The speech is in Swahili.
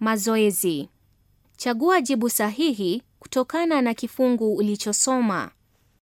Mazoezi. Chagua jibu sahihi kutokana na kifungu ulichosoma.